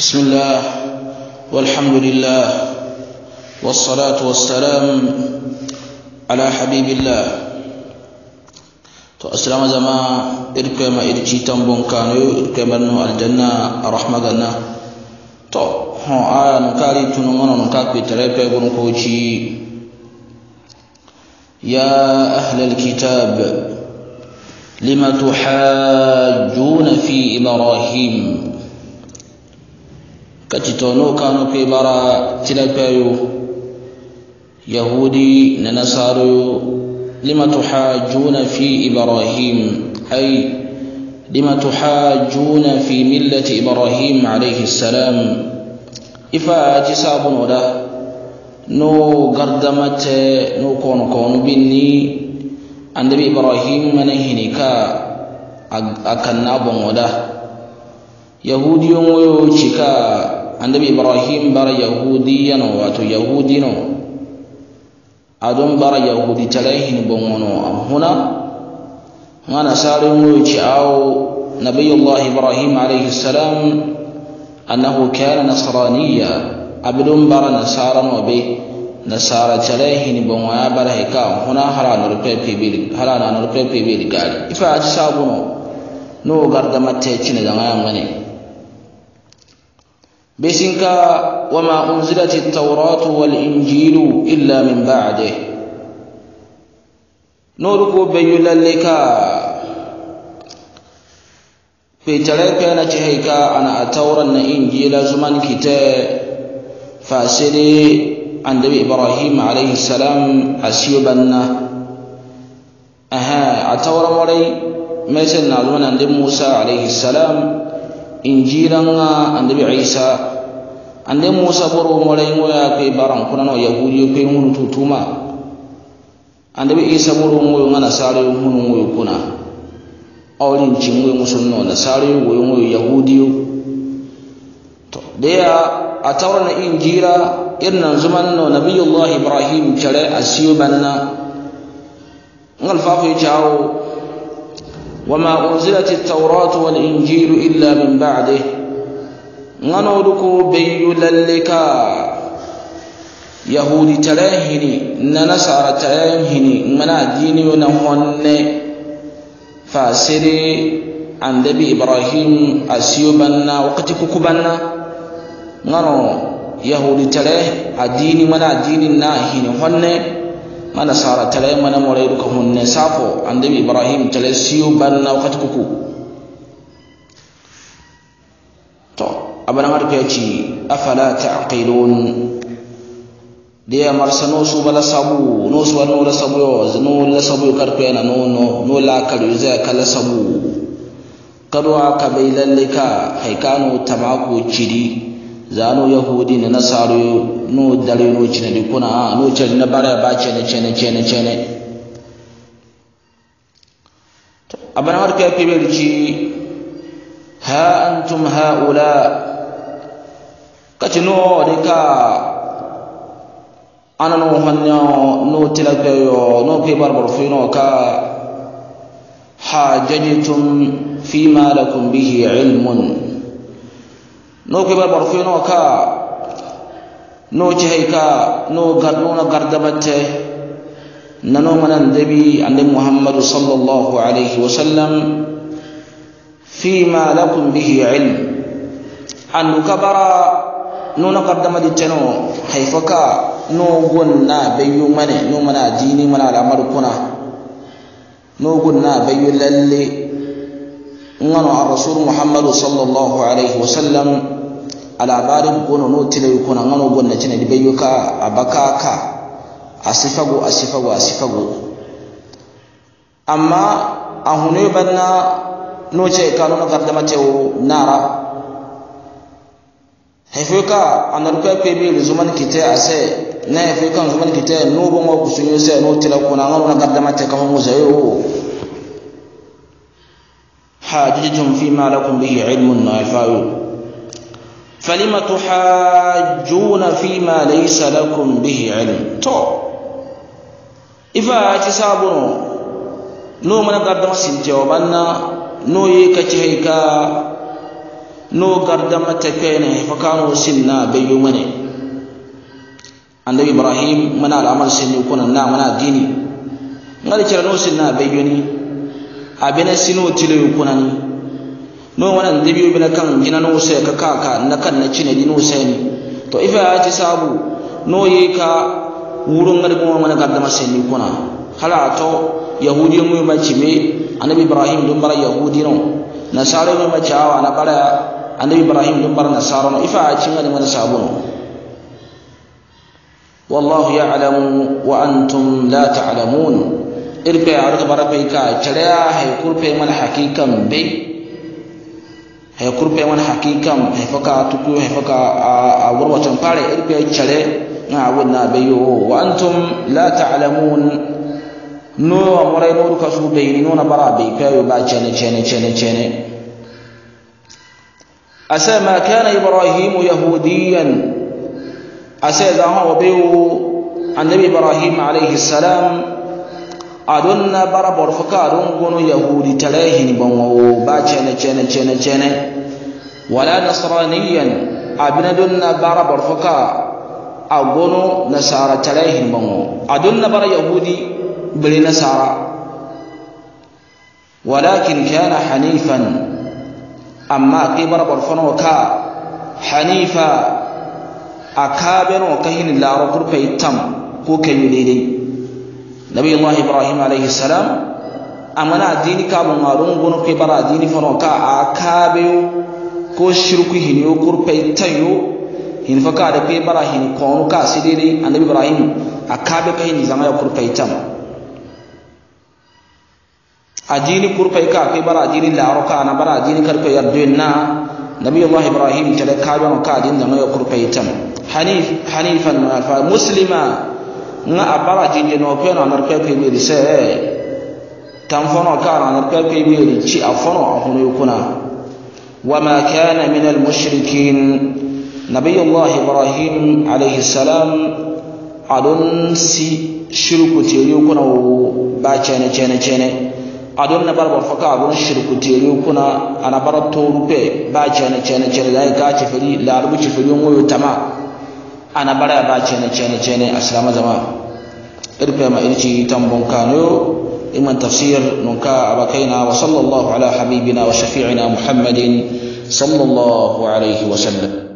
بسم الله والحمد لله والصلاة والسلام على حبيب الله السلام زما إركما إركي تنبون كانوا إركما نو الجنة رحمة جنة تو هو آية تنمون نكاك بتريك يقول كوشي يا أهل الكتاب لما تحاجون في إبراهيم كتتونو كانوا في برا تلبايو يهودي ننصاريو لما تحاجون في إبراهيم أي لما تحاجون في ملة إبراهيم عليه السلام إفا جساب ولا نو قردمت نو كون كون بني النبي إبراهيم من هنكا أكنا بمودا يهودي يوم يوشكا annabi ibrahim bara yahudiyano wato yahudino adon bara yahudi talahin bongono huna هنا sare ngoyci awo نبي الله إبراهيم عليه السلام أنه كان نصرانيا عبد بر نصارا وبي نصارى تلاهن بما برهكا هنا هلا نرقي في بيل هلا نرقي في بيل قال إفا أجسابنا نو غرد متى تشين غني بسنك وما أنزلت التوراة والإنجيل إلا من بعده نورك بي لك في تلك أنا تهيك أنا أتورا إنجيل زمن كتاب فاسري عن نبي إبراهيم عليه السلام أسيبنا أها أتورا مري مثل نعلمنا عند موسى عليه السلام injilanga annabi isa ande musa boro molayŋoya ke baran no yahudi ke ŋunu tutuma annabi isa boro moyo ngana sare ŋunu moyo kuna awlin musunno na sare woyo moyo yahudi to deya a tawrana injira irnan no nabiyullah ibrahim chare asiyo banna ngal fafu cawo وما أنزلت التوراة والإنجيل إلا من بعده ننودكو بيو للكا يهودي تلاهني ننسار تلاهني منا ديني ونهن فاسري عن دبي إبراهيم أسيوبنا وقتك كبنا ننو يهودي تلاه أديني منا ديني ناهني هوني mana sara talai mana morai duka hunne safo andabi ibrahim talai siyo banna wakati kuku to abana ngar ko yaci afala taqilun dia marsano su bala sabu no su wano la sabu yo no la sabu kar ko no no no la kar yo za kala sabu kadwa kabilan lika haikanu tamaku cidi zano yahudi na nasaro no dare no cine di kuna a no cene na bara ba cene cene cene cene abana har ka ke belci ha antum haula kace no de ka ana no hanya no tilaka yo no ke barbar fi no ka hajajitum fima lakum bihi ilmun no ke bar barfino ka no ci hay ka no garno na gardamate nano manan debi ande muhammad sallallahu alaihi wasallam fima lakum bihi ilm andu kabara no na gardamade teno hay faka no gonna bayu mane no mana jini mana al'amar kuna no gonna bayu lalle ngano ar rasul muhammad sallallahu alaihi wasallam alabari kono no tile kono ngano gonna cine dibe a abaka ka asifago asifago asifago amma a hune banna no ce kanu na gardama tewo nara hefuka anarkuya kwebe zuman kite ase na hefuka zuman kite no bongo kusunyo se no tila kuna ngano na gardama te kaho muzayo hajijum fi ma lakum bihi ilmun nafi'u falima tuhajjuna fima laysa lakum bihi ilm to ifa ci sabuno no mana gardama sinte o banna no ye kaci hay ka no gardama tekene fa kano sinna be yumane ibrahim mana al'amal sinni kuna na mana dini ngali kira no sinna be yoni abena sino tilo kunani no wana debiyo bina kan jina no sai ka kaka na kan na cine sai seni to ifa ya ci sabu no yi ka wurin ngadi kuma mana gardama ni kuna hala to yahudi mu ci me annabi ibrahim dun bara yahudi no nasara mu ma cawa na bara annabi ibrahim dun bara nasara no ifa ya ci ga mana sabu no والله يعلم وأنتم لا تعلمون إربي عرق بربيكا جريا هيكور في من حقيقا بي hayakurpe wan hakika haifaka tuku haifaka a warwatan fara irpe chale na wonna bayo wa antum la ta'lamun no amorai no ruka su bayni no na bara bay kayo ba chene chene chene chene asa ma kana ibrahim yahudiyan asa da ha wabayo annabi ibrahim alayhi salam adonna bara borfaka adon gono yahudi talahi ni bonwo ba chene chene chene chene ولا نصرانيا أبن دون بارا برفقا بونو نصارى تلاه بمو أدون بارا يهودي بل نصارى ولكن كان حنيفا أما قبر برفنا وكا حنيفا أكابر وكهن لا ركر فيتم هو كيوليدي نبي الله إبراهيم عليه السلام أمنا ديني كابو غارون بنو قبر ديني فنوكا أكابر ko shirku hin yo kurpai tayo hin faka da kai bara hin kon ka sidiri annabi ibrahim akabe ka ni zama ya kurpai tam ajini kurpai ka kai bara ajini laro ka na bara ajini karpe yardin na nabi allah ibrahim ta da kabe no ka din zama ya kurpai tam hanif hanifan fa muslima na abara jinje no ko na nar kai mi rise tan fono ka na nar kai mi ni ci afono ahono yukuna وما كان من المشركين نبي الله إبراهيم عليه السلام أدون سي شرك تيريوكنا وباچانا چانا چانا أدون نبر برفقا أدون شرك تيريوكنا أنا برد توروبي باچانا چانا چانا لأي كاتي فلي لأربو تفليون ويتما أنا برد باچانا چانا چانا أسلام زمان إرقى ما إرشي تنبون كانو إما تفسير نكا أبكينا وصلى الله على حبيبنا وشفيعنا محمد صلى الله عليه وسلم